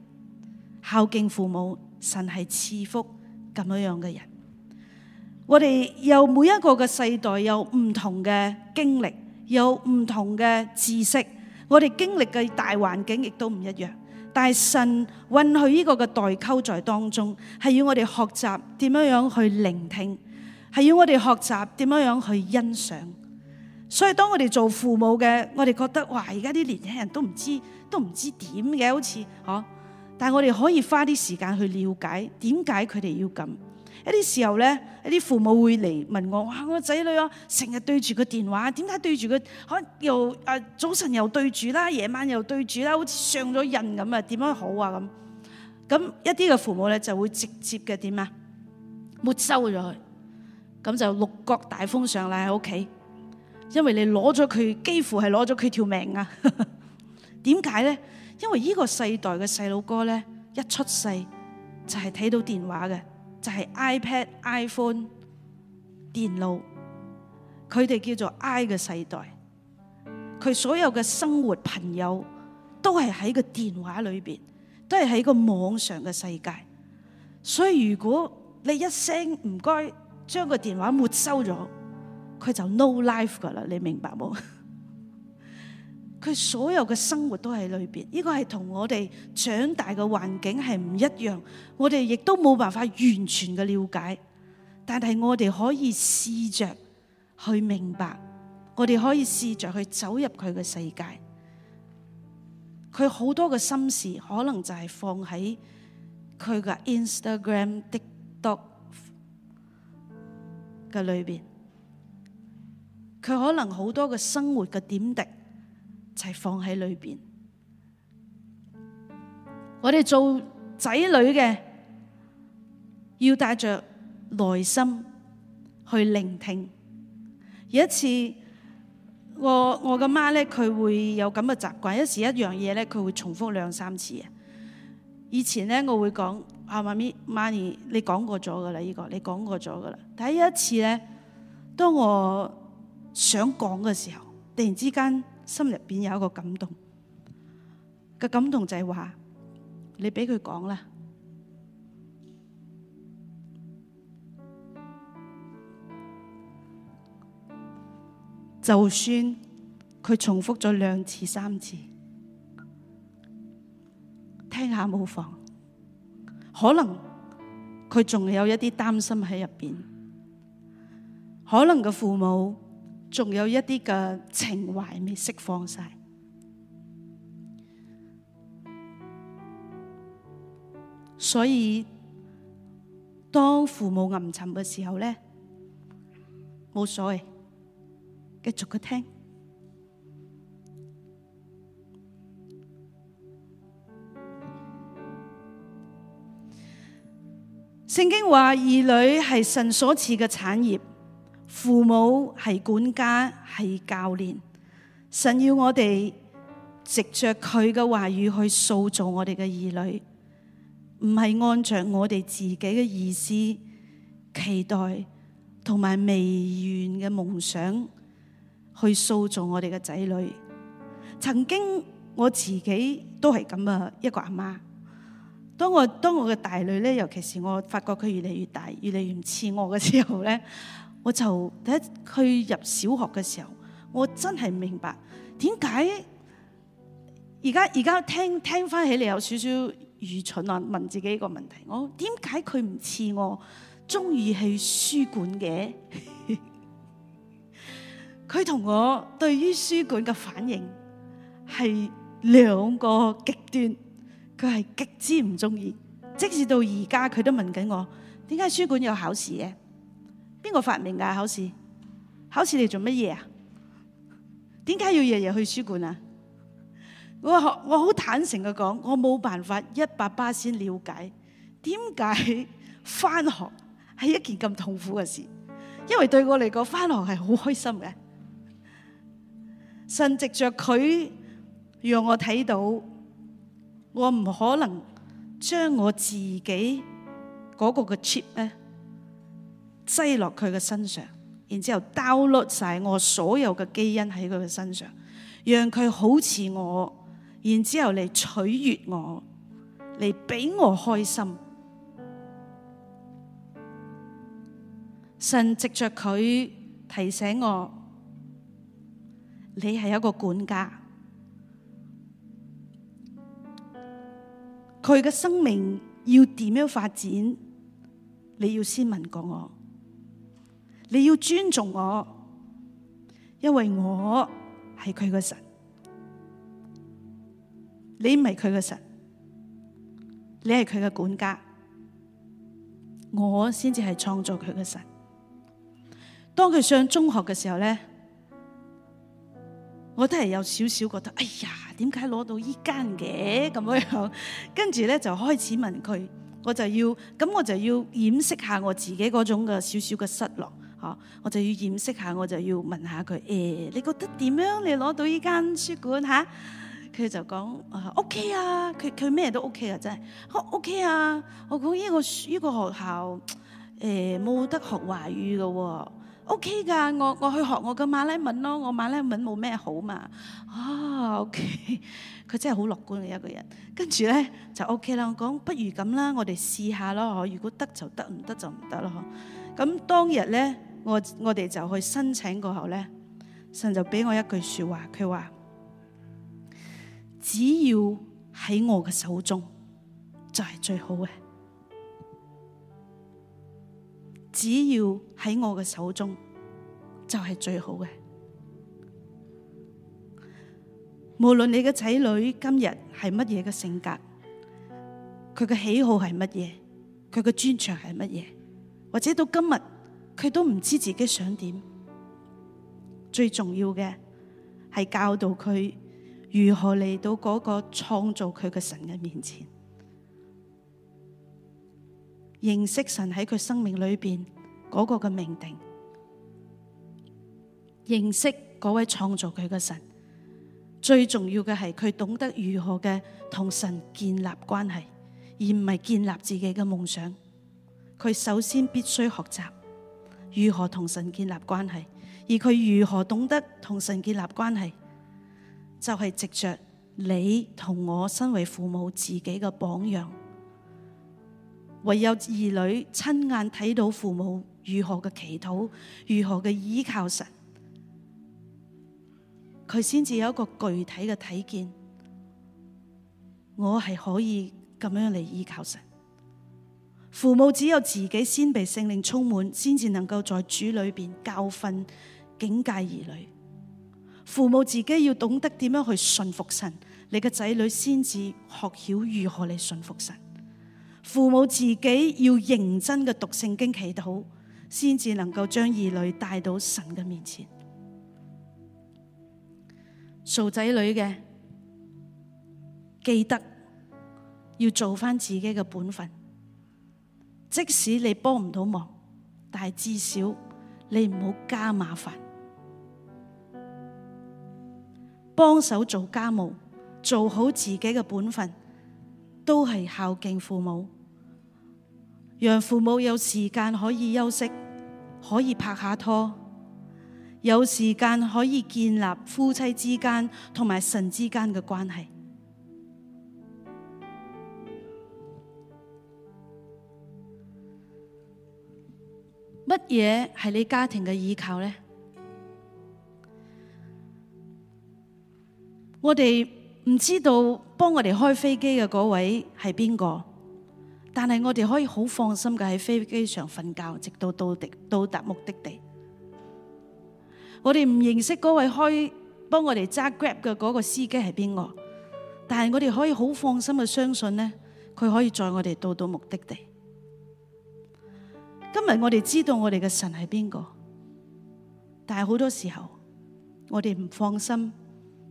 孝敬父母，神係賜福咁樣樣嘅人。我哋又每一個嘅世代有唔同嘅經歷，有唔同嘅知識，我哋經歷嘅大環境亦都唔一樣。但係神允許呢個嘅代溝在當中，係要我哋學習點樣樣去聆聽，係要我哋學習點樣樣去欣賞。所以當我哋做父母嘅，我哋覺得哇，而家啲年輕人都唔知，都唔知點嘅，好似嗬、啊。但係我哋可以花啲時間去了解麼他們樣，點解佢哋要咁。一啲時候咧，一啲父母會嚟問我：哇，我仔女啊，成日對住個電話，點解對住佢？可又誒、啊、早晨又對住啦，夜晚又對住啦，了么好似上咗印咁啊！點樣好啊？咁咁一啲嘅父母咧就會直接嘅點啊，沒收咗佢，咁就六國大封上嚟喺屋企，因為你攞咗佢，幾乎係攞咗佢條命啊！點解咧？因為呢個世代嘅細路哥咧，一出世就係、是、睇到電話嘅。就係 iPad、iPhone、電腦，佢哋叫做 I 嘅世代，佢所有嘅生活朋友都係喺個電話裏邊，都係喺個網上嘅世界。所以如果你一聲唔該將個電話沒收咗，佢就 no life 噶啦，你明白冇？佢所有嘅生活都喺裏邊，呢個係同我哋長大嘅環境係唔一樣。我哋亦都冇辦法完全嘅了解，但係我哋可以試着去明白，我哋可以試着去走入佢嘅世界。佢好多嘅心事可能就係放喺佢嘅 Instagram、TikTok、的 doc 嘅裏邊。佢可能好多嘅生活嘅點滴。就放喺裏邊。我哋做仔女嘅，要帶着內心去聆聽。有一次，我我嘅媽咧，佢會有咁嘅習慣，一時一樣嘢咧，佢會重複兩三次。以前咧，我會講阿媽咪，媽咪，你講過咗噶啦，呢個你講過咗噶啦。但係有一次咧，當我想講嘅時候，突然之間。心入邊有一個感動，個感動就係話，你俾佢講啦，就算佢重複咗兩次、三次，聽下冇妨，可能佢仲有一啲擔心喺入邊，可能嘅父母。仲有一啲嘅情懷未釋放晒，所以當父母暗沉嘅時候咧，冇所謂，繼續去聽。聖經話兒女係神所賜嘅產業。父母係管家，係教練，神要我哋藉着佢嘅話語去塑造我哋嘅兒女，唔係按着我哋自己嘅意思期待同埋未完嘅夢想去塑造我哋嘅仔女。曾經我自己都係咁啊，一個阿媽。當我當我嘅大女咧，尤其是我發覺佢越嚟越大，越嚟越唔似我嘅時候咧。我就第一去入小學嘅時候，我真係唔明白為什麼現在現在點解而家而家聽聽翻起嚟有少少愚蠢啊！問自己一個問題：我點解佢唔似我中意去書館嘅？佢 同我對於書館嘅反應係兩個極端，佢係極之唔中意。即使到而家，佢都問緊我：點解書館有考試嘅？邊個發明噶考試？考試你做乜嘢啊？點解要日日去書館啊？我我好坦誠嘅講，我冇辦法一百巴仙了解點解返學係一件咁痛苦嘅事，因為對我嚟講返學係好開心嘅。神藉着佢讓我睇到，我唔可能將我自己嗰個嘅 chip 咧。擠落佢嘅身上，然之後 download 晒我所有嘅基因喺佢嘅身上，讓佢好似我，然之後嚟取悅我，嚟俾我開心。神藉着佢提醒我，你係一個管家，佢嘅生命要點樣發展，你要先問過我。你要尊重我，因為我係佢個神。你唔係佢個神，你係佢個管家，我先至係創造佢個神。當佢上中學嘅時候咧，我都係有少少覺得，哎呀，點解攞到依間嘅咁樣樣？跟住咧就開始問佢，我就要咁，那我就要掩飾下我自己嗰種嘅少少嘅失落。我就要認識下，我就要問下佢，誒、哎，你覺得點樣？你攞到依間書館嚇？佢就講、啊、，OK 啊，佢佢咩都 OK 啊，真係、啊、，OK 啊。我講呢、呢個依、呢個學校誒冇、啊、得學華語噶喎、哦、，OK 㗎。我我去學我嘅馬拉文咯，我馬拉文冇咩好嘛。啊，OK，佢真係好樂觀嘅一個人。跟住咧就 OK 啦，我講不如咁啦，我哋試下咯，如果得就得，唔得就唔得咯。咁當日咧。我我哋就去申請過後咧，神就俾我一句說話，佢話只要喺我嘅手中就係最好嘅，只要喺我嘅手中就係最好嘅。無論你嘅仔女今日係乜嘢嘅性格，佢嘅喜好係乜嘢，佢嘅專長係乜嘢，或者到今日。佢都唔知自己想點，最重要嘅係教導佢如何嚟到嗰個創造佢嘅神嘅面前，認識神喺佢生命裏邊嗰個嘅命定，認識嗰位創造佢嘅神。最重要嘅係佢懂得如何嘅同神建立關係，而唔係建立自己嘅夢想。佢首先必須學習。如何同神建立關係，而佢如何懂得同神建立關係，就係、是、藉着你同我身為父母自己嘅榜樣，唯有兒女親眼睇到父母如何嘅祈禱，如何嘅依靠神，佢先至有一個具體嘅體見，我係可以咁樣嚟依靠神。父母只有自己先被聖靈充滿，先至能夠在主裏邊教訓、警戒兒女。父母自己要懂得點樣去順服神，你嘅仔女先至學曉如何嚟順服神。父母自己要認真嘅讀聖經、祈禱，先至能夠將兒女帶到神嘅面前。做仔女嘅，記得要做翻自己嘅本分。即使你幫唔到忙，但至少你唔好加麻煩，幫手做家務，做好自己嘅本分，都係孝敬父母，讓父母有時間可以休息，可以拍下拖，有時間可以建立夫妻之間同埋神之間嘅關係。乜嘢係你家庭嘅依靠呢？我哋唔知道幫我哋開飛機嘅嗰位係邊個，但係我哋可以好放心嘅喺飛機上瞓覺，直到到的到達目的地。我哋唔認識嗰位開幫我哋揸 Grab 嘅嗰個司機係邊個，但係我哋可以好放心嘅相信呢，佢可以載我哋到到目的地。今日我哋知道我哋嘅神係邊個，但係好多時候我哋唔放心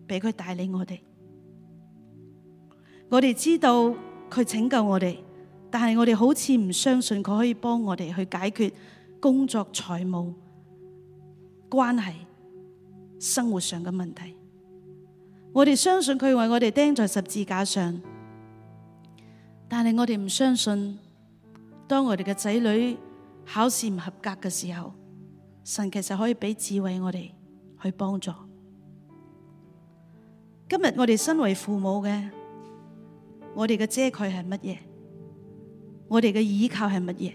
俾佢帶領我哋。我哋知道佢拯救我哋，但係我哋好似唔相信佢可以幫我哋去解決工作、財務、關係、生活上嘅問題。我哋相信佢為我哋釘在十字架上，但係我哋唔相信當我哋嘅仔女。考試唔合格嘅時候，神其實可以俾智慧我哋去幫助。今日我哋身為父母嘅，我哋嘅遮蓋係乜嘢？我哋嘅依靠係乜嘢？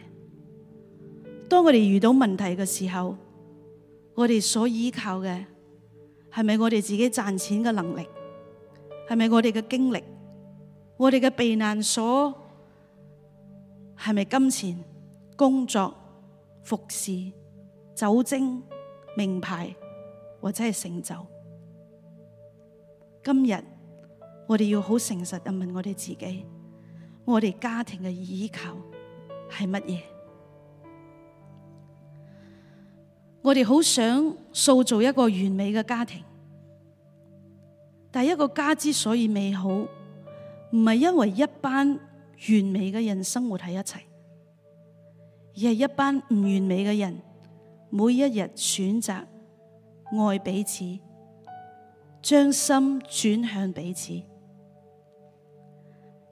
當我哋遇到問題嘅時候，我哋所依靠嘅係咪我哋自己賺錢嘅能力？係咪我哋嘅經歷？我哋嘅避難所係咪金錢、工作？服侍、酒精、名牌或者係成就。今日我哋要好誠實咁問我哋自己，我哋家庭嘅依靠係乜嘢？我哋好想塑造一個完美嘅家庭，但係一個家之所以美好，唔係因為一班完美嘅人生活喺一齊。而係一班唔完美嘅人，每一日選擇愛彼此，將心轉向彼此，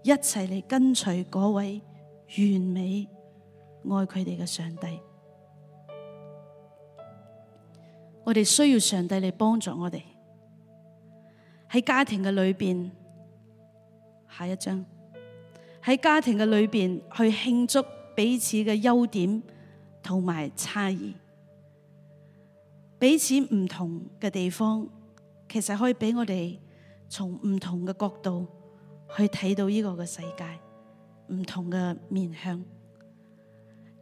一齊嚟跟隨嗰位完美愛佢哋嘅上帝。我哋需要上帝嚟幫助我哋喺家庭嘅裏面，下一章喺家庭嘅裏面，去慶祝。彼此嘅優點同埋差異，彼此唔同嘅地方，其實可以俾我哋從唔同嘅角度去睇到呢個嘅世界，唔同嘅面向。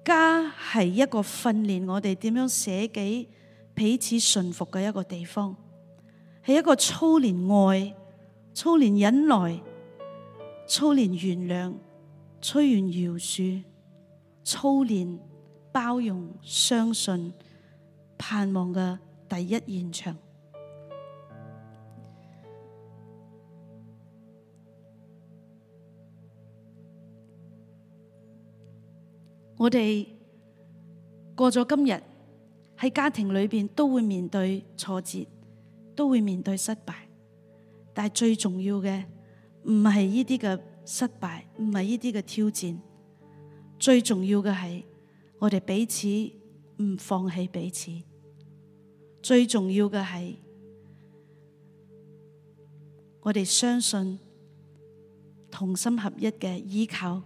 家係一個訓練我哋點樣捨己、彼此順服嘅一個地方，係一個操練愛、操練忍耐、操練原諒、操練饒恕。操練、包容、相信、盼望嘅第一現場。我哋過咗今日，喺家庭裏面都會面對挫折，都會面對失敗。但係最重要嘅，唔係呢啲嘅失敗，唔係呢啲嘅挑戰。最重要嘅係我哋彼此唔放棄彼此。最重要嘅係我哋相信同心合一嘅依靠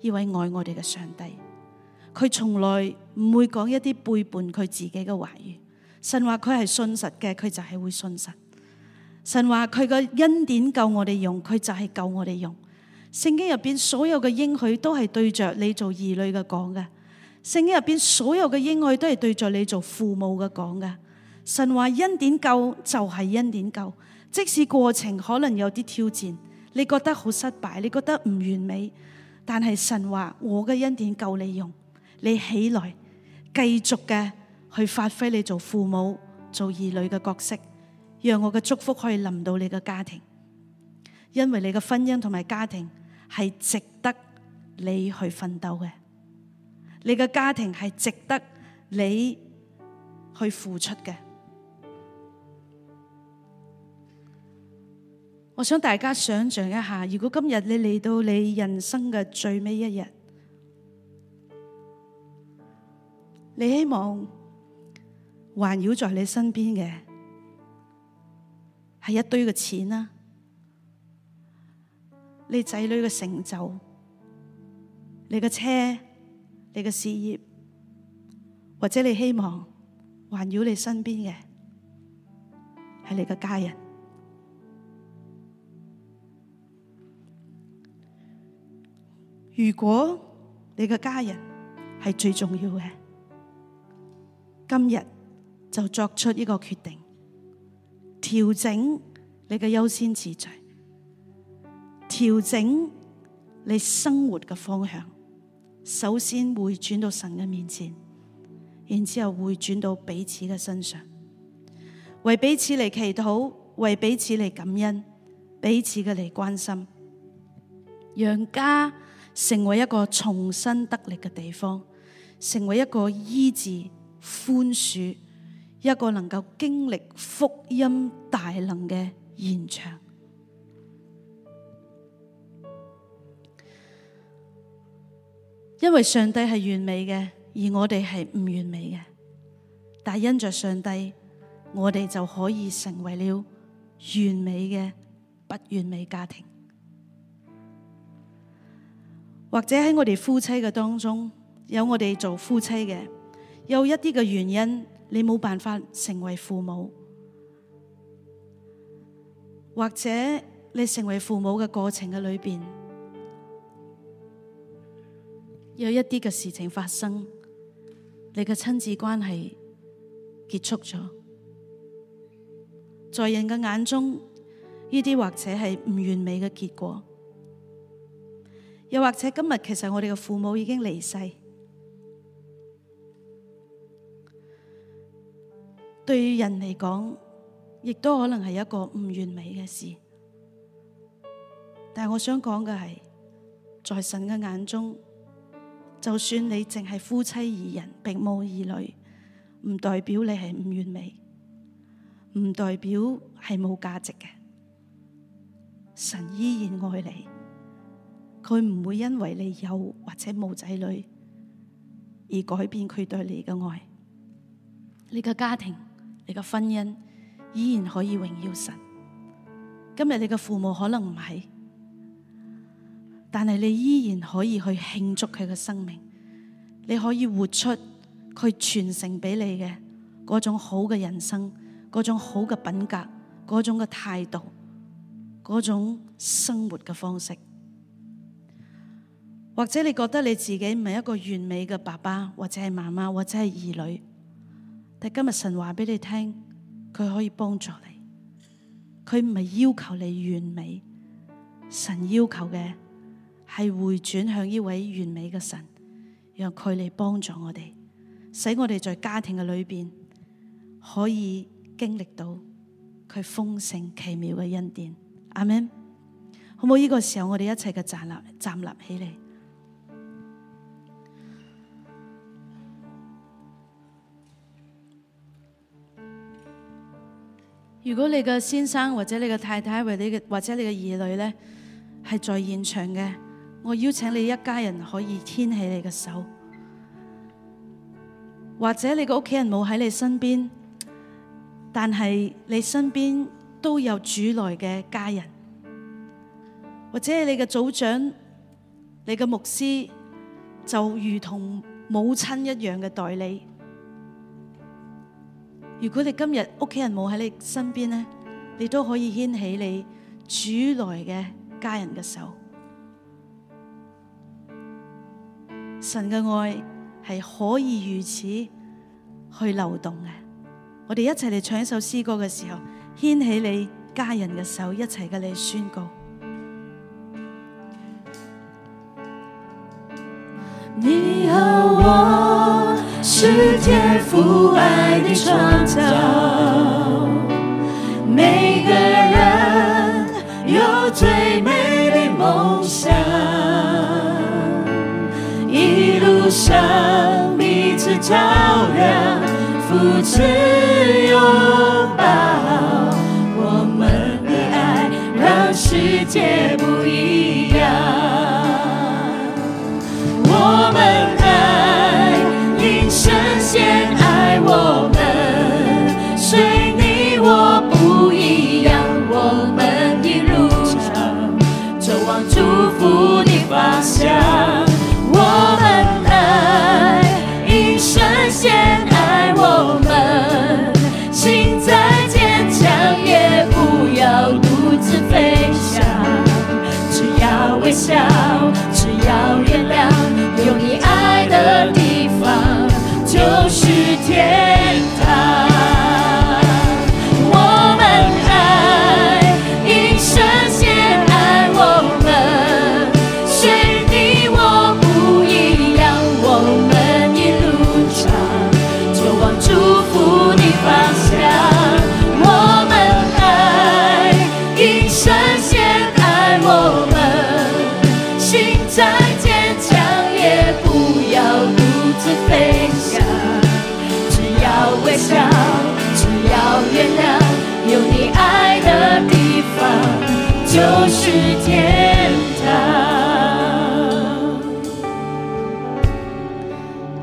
呢位愛我哋嘅上帝。佢從來唔會講一啲背叛佢自己嘅話語。神話佢係信實嘅，佢就係會信實。神話佢嘅恩典夠我哋用，佢就係夠我哋用。聖經入邊所有嘅應許都係對着你做兒女嘅講嘅，聖經入邊所有嘅應許都係對着你做父母嘅講嘅。神話恩典夠就係恩典夠，即使過程可能有啲挑戰，你覺得好失敗，你覺得唔完美，但係神話我嘅恩典夠你用，你起來繼續嘅去發揮你做父母、做兒女嘅角色，讓我嘅祝福可以臨到你嘅家庭。因為你嘅婚姻同埋家庭係值得你去奮鬥嘅，你嘅家庭係值得你去付出嘅。我想大家想象一下，如果今日你嚟到你人生嘅最尾一日，你希望環繞在你身邊嘅係一堆嘅錢啦。你調整你生活嘅方向，首先回轉到神嘅面前，然之後回轉到彼此嘅身上，為彼此嚟祈禱，為彼此嚟感恩，彼此嘅嚟關心，讓家成為一個重新得力嘅地方，成為一個醫治寬恕，一個能夠經歷福音大能嘅現場。因為上帝係完美嘅，而我哋係唔完美嘅。但因着上帝，我哋就可以成為了完美嘅不完美家庭。或者喺我哋夫妻嘅當中，有我哋做夫妻嘅，有一啲嘅原因，你冇辦法成為父母，或者你成為父母嘅過程的裏邊。有一啲嘅事情發生，你嘅親子關係結束咗，在人嘅眼中，呢啲或者係唔完美嘅結果，又或者今日其實我哋嘅父母已經離世，對於人嚟講，亦都可能係一個唔完美嘅事。但是我想講嘅係，在神嘅眼中。就算你淨係夫妻二人，並冇兒女，唔代表你係唔完美，唔代表係冇價值嘅。神依然愛你，佢唔會因為你有或者冇仔女而改變佢對你嘅愛。你嘅家庭，你嘅婚姻，依然可以榮耀神。今日你嘅父母可能唔係。但是你依然可以去慶祝佢嘅生命，你可以活出佢傳承俾你嘅嗰種好嘅人生，嗰種好嘅品格，嗰種嘅態度，嗰種生活嘅方式。或者你覺得你自己唔係一個完美嘅爸爸，或者係媽媽，或者係兒女，但今日神話俾你聽，佢可以幫助你。佢唔係要求你完美，神要求嘅。是回轉向呢位完美嘅神，讓佢嚟幫助我哋，使我哋在家庭嘅裏面可以經歷到佢豐盛奇妙嘅恩典。阿們好唔好？呢、這個時候我哋一齊嘅站立站立起嚟。如果你嘅先生，或者你嘅太太，或者你嘅，或者你嘅兒女呢，係在現場嘅。我邀請你一家人可以牽起你嘅手，或者你個屋企人冇喺你身邊，但係你身邊都有主內嘅家人，或者你嘅組長、你嘅牧師就如同母親一樣嘅代理。如果你今日屋企人冇喺你身邊咧，你都可以牽起你主內嘅家人嘅手。神嘅愛係可以如此去流動嘅，我哋一齊嚟唱一首詩歌嘅時候，牽起你家人嘅手，一齊嘅你的宣告。你和，我是天父愛的創造，每個人有最美的夢想。路上彼此照亮，扶持擁抱，我們的愛讓世界不一樣。我們愛因神先愛我們，隨你我不一樣，我們的路上，走往祝福的方向。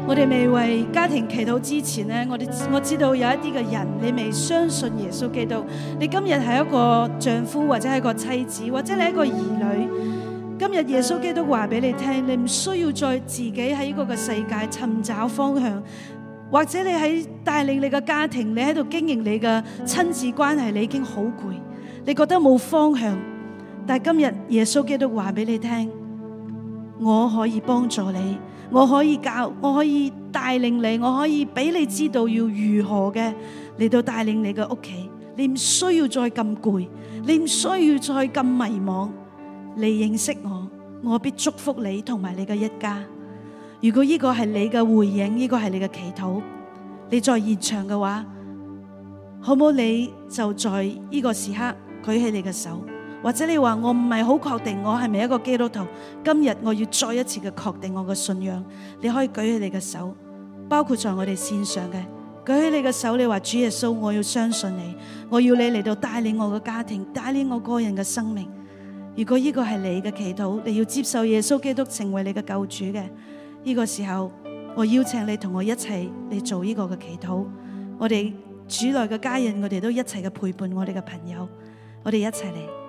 我哋未為家庭祈禱之前咧，我哋我知道有一啲嘅人，你未相信耶穌基督。你今日係一個丈夫，或者係一個妻子，或者你一個兒女。今日耶穌基督話俾你聽，你唔需要再自己喺呢個世界尋找方向。或者你喺帶領你嘅家庭，你喺度經營你嘅親子關係，你已經好攰，你覺得冇方向。但今日耶穌基督話俾你聽，我可以幫助你，我可以教，我可以帶領你，我可以俾你知道要如何嘅嚟到帶領你嘅屋企。你唔需要再咁攰，你唔需要再咁迷茫。你認識我，我必祝福你同埋你嘅一家。如果呢個係你嘅回應，呢個係你嘅祈禱，你在現場嘅話，好唔好？你就在呢個時刻舉起你嘅手。或者你話，我唔係好確定，我係咪一個基督徒？今日我要再一次嘅確定我嘅信仰。你可以舉起你嘅手，包括在我哋線上嘅舉起你嘅手。你話，主耶穌，我要相信你，我要你嚟到帶領我嘅家庭，帶領我個人嘅生命。如果呢個係你嘅祈禱，你要接受耶穌基督成為你嘅救主嘅呢個時候，我邀請你同我一齊嚟做呢個嘅祈禱。我哋主內嘅家人，我哋都一齊嘅陪伴我哋嘅朋友，我哋一齊嚟。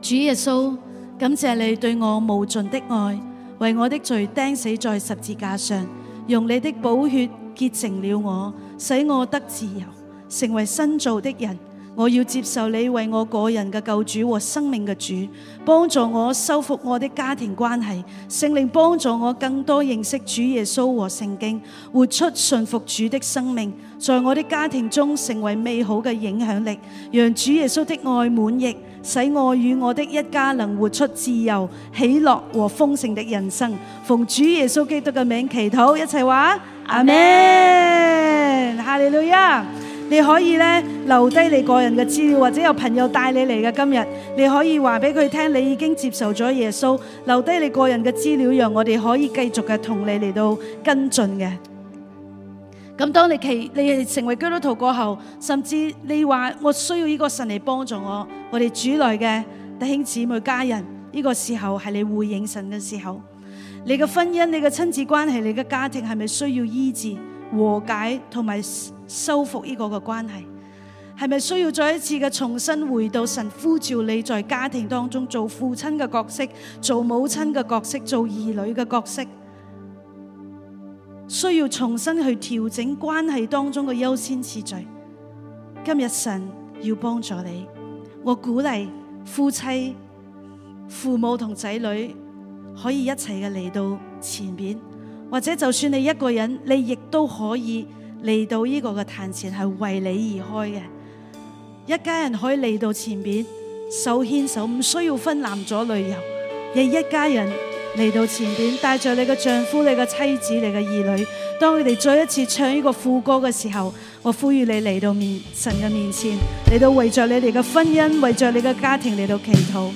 主耶穌，感謝你對我無盡的愛，為我的罪釘死在十字架上，用你的寶血潔淨了我，使我得自由，成為新造的人。我要接受你為我個人嘅救主和生命嘅主，幫助我修復我的家庭關係，聖靈幫助我更多認識主耶穌和聖經，活出順服主的生命，在我的家庭中成為美好嘅影響力，讓主耶穌的愛滿溢。使我與我的一家能活出自由，起落和風生的人生，奉主耶穌基督的名祈禱，一齊話，Amen。Amen! Hallelujah! 你可以留低你個人的資料，或者有朋友帶你來的今日，你可以話俾佢聽，你已經接受了耶穌，留低你個人的資料讓我哋可以繼續嘅同你嚟到跟進的。噉當你其你成為基督徒過後，甚至你話我需要呢個神嚟幫助我，我哋主內嘅弟兄姊妹、家人呢、這個時候係你回應神嘅時候，你嘅婚姻、你嘅親子關係、你嘅家庭係咪需要醫治、和解同埋修復呢個嘅關係？係咪需要再一次嘅重新回到神呼召你，在家庭當中做父親嘅角色、做母親嘅角色、做兒女嘅角色？需要重新去調整關係當中嘅優先次序。今日神要幫助你，我鼓勵夫妻、父母同仔女可以一齊嘅嚟到前面，或者就算你一個人，你亦都可以嚟到呢個嘅壇前係為你而開嘅。一家人可以嚟到前面，手牽手，唔需要分男左女右，亦一家人。嚟到前邊，帶着你嘅丈夫、你嘅妻子、你嘅兒女，當佢哋再一次唱呢個副歌嘅時候，我呼籲你嚟到面神嘅面前，嚟到為着你哋嘅婚姻、為着你嘅家庭嚟到祈禱。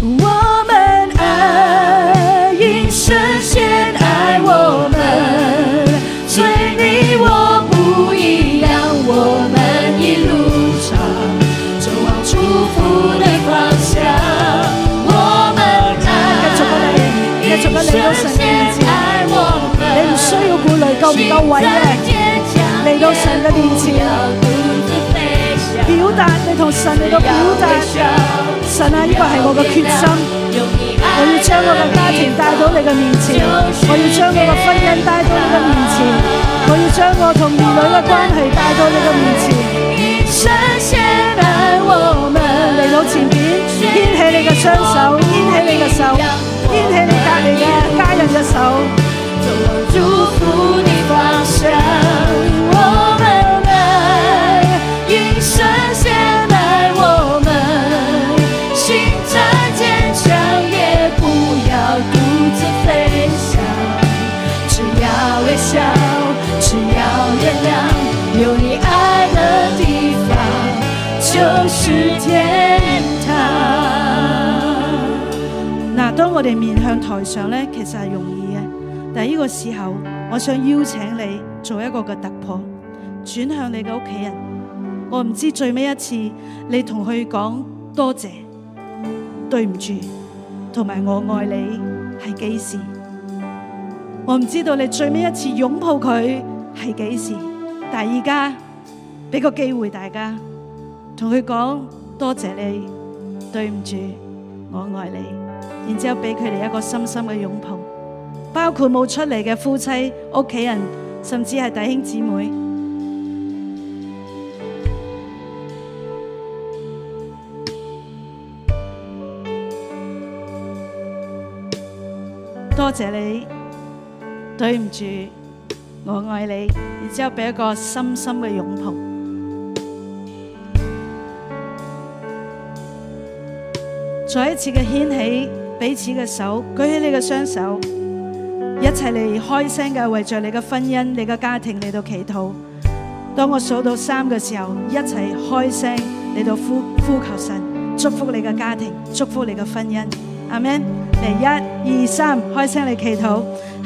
我們愛，因神先愛我們各位咧，嚟到神嘅面前，表達你同神嘅表達。神啊，呢個係我嘅決心，我要將我嘅家庭帶到你嘅面前，我要將我嘅婚姻帶到你嘅面前，我要將我同兒女嘅關係帶到你嘅面前。嚟到，到，到前邊，牽起你嘅雙手，牽起你嘅手，牽起你隔籬嘅家人嘅手。祝福你方向，我們，一生相愛，我們心再堅強也不要獨自飛翔。只要微笑，只要原諒，有你愛的地方就是天堂。那當我哋面向台上咧，其實係容易嘅。喺呢個時候，我想邀請你做一個嘅突破，轉向你嘅屋企人。我唔知最尾一次你同佢講多謝、對唔住，同埋我愛你係幾時？我唔知道你最尾一次擁抱佢係幾時。但係而家俾個機會大家同佢講多謝你、對唔住、我愛你，然之後俾佢哋一個深深嘅擁抱。包括冇出嚟嘅夫妻、屋企人，甚至係弟兄姊妹。多謝你，對唔住，我愛你，然之後俾一個深深嘅擁抱。再一次嘅牽起彼此嘅手，舉起你嘅雙手。一齊嚟開聲嘅，為着你嘅婚姻、你嘅家庭嚟到祈禱。當我數到三嘅時候，一齊開聲嚟到呼呼求神祝福你嘅家庭，祝福你嘅婚姻。阿們，嚟一二三，開聲嚟祈禱。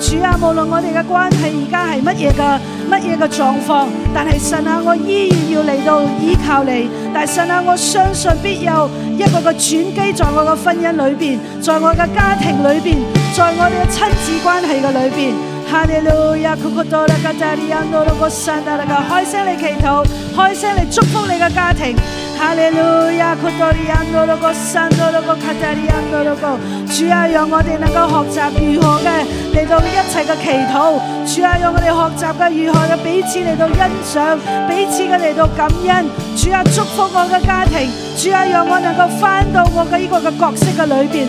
主啊，無論我哋嘅關係而家係乜嘢嘅乜嘢嘅狀況，但係神啊，我依然要嚟到依靠你。但係神啊，我相信必有一個個轉機在我個婚姻裏邊，在我嘅家庭裏邊，在我哋嘅親子關係嘅裏邊。哈利路亞，庫庫多拉卡達利亞諾洛哥山達拉加，開聲嚟祈禱，開聲嚟祝福你嘅家庭。亞，主啊，讓我哋能夠學習如何嘅嚟到一切嘅祈禱，主啊，讓我哋學習嘅如何嘅彼此嚟到欣賞，彼此嘅嚟到感恩，主啊，祝福我嘅家庭，主啊，讓我能夠返到我嘅呢個嘅角色嘅裏面。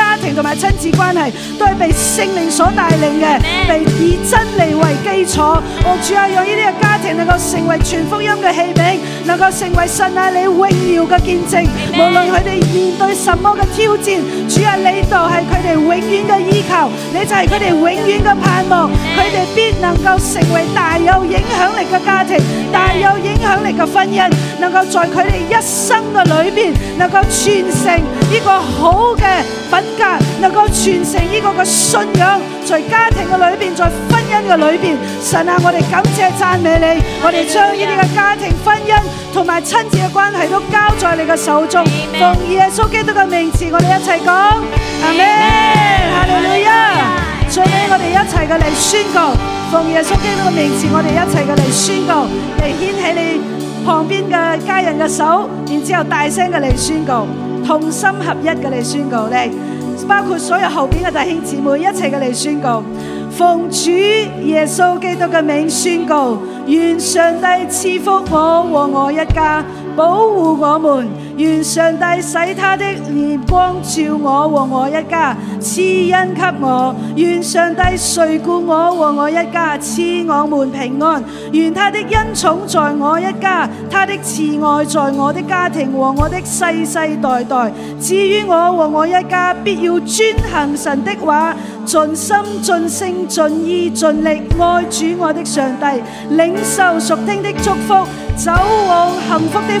家庭同埋親子關係都係被聖靈所帶領嘅，被以真理為基礎。我主啊，用呢啲嘅家庭能夠成為全福音嘅器皿，能夠成為神啊你榮耀嘅見證。無論佢哋面對什麼嘅挑戰，主啊，你就係佢哋永遠嘅依靠，你就係佢哋永遠嘅盼望。佢哋必能夠成為大有影響力嘅家庭，大有影響力嘅婚姻，能夠在佢哋一生嘅裏邊能夠傳承呢個好嘅品。能夠傳承呢個嘅信仰，在家庭嘅裏邊，在婚姻嘅裏邊，神啊，我哋感謝讚美你，我哋將呢啲嘅家庭、婚姻同埋親子嘅關係都交在你嘅手中，奉耶穌基督嘅名字，我哋一齊講，阿妹，阿六六一，最尾我哋一齊嘅嚟宣告，奉耶穌基督嘅名字，我哋一齊嘅嚟宣告，嚟牽起你旁邊嘅家人嘅手，然之後大聲嘅嚟宣告，同心合一嘅嚟宣告你。包括所有後面嘅弟兄姊妹，一齊嘅嚟宣告，奉主耶穌基督嘅名宣告，願上帝賜福我和我一家。保護我們，願上帝使他的光照我和我一家，賜恩給我。願上帝垂顧我和我一家，賜我們平安。願他的恩寵在我一家，他的慈愛在我的家庭和我的世世代代。至於我和我一家，必要遵行神的話，盡心盡、盡性、盡意、盡力愛主，我的上帝，領受屬天的祝福，走往幸福的。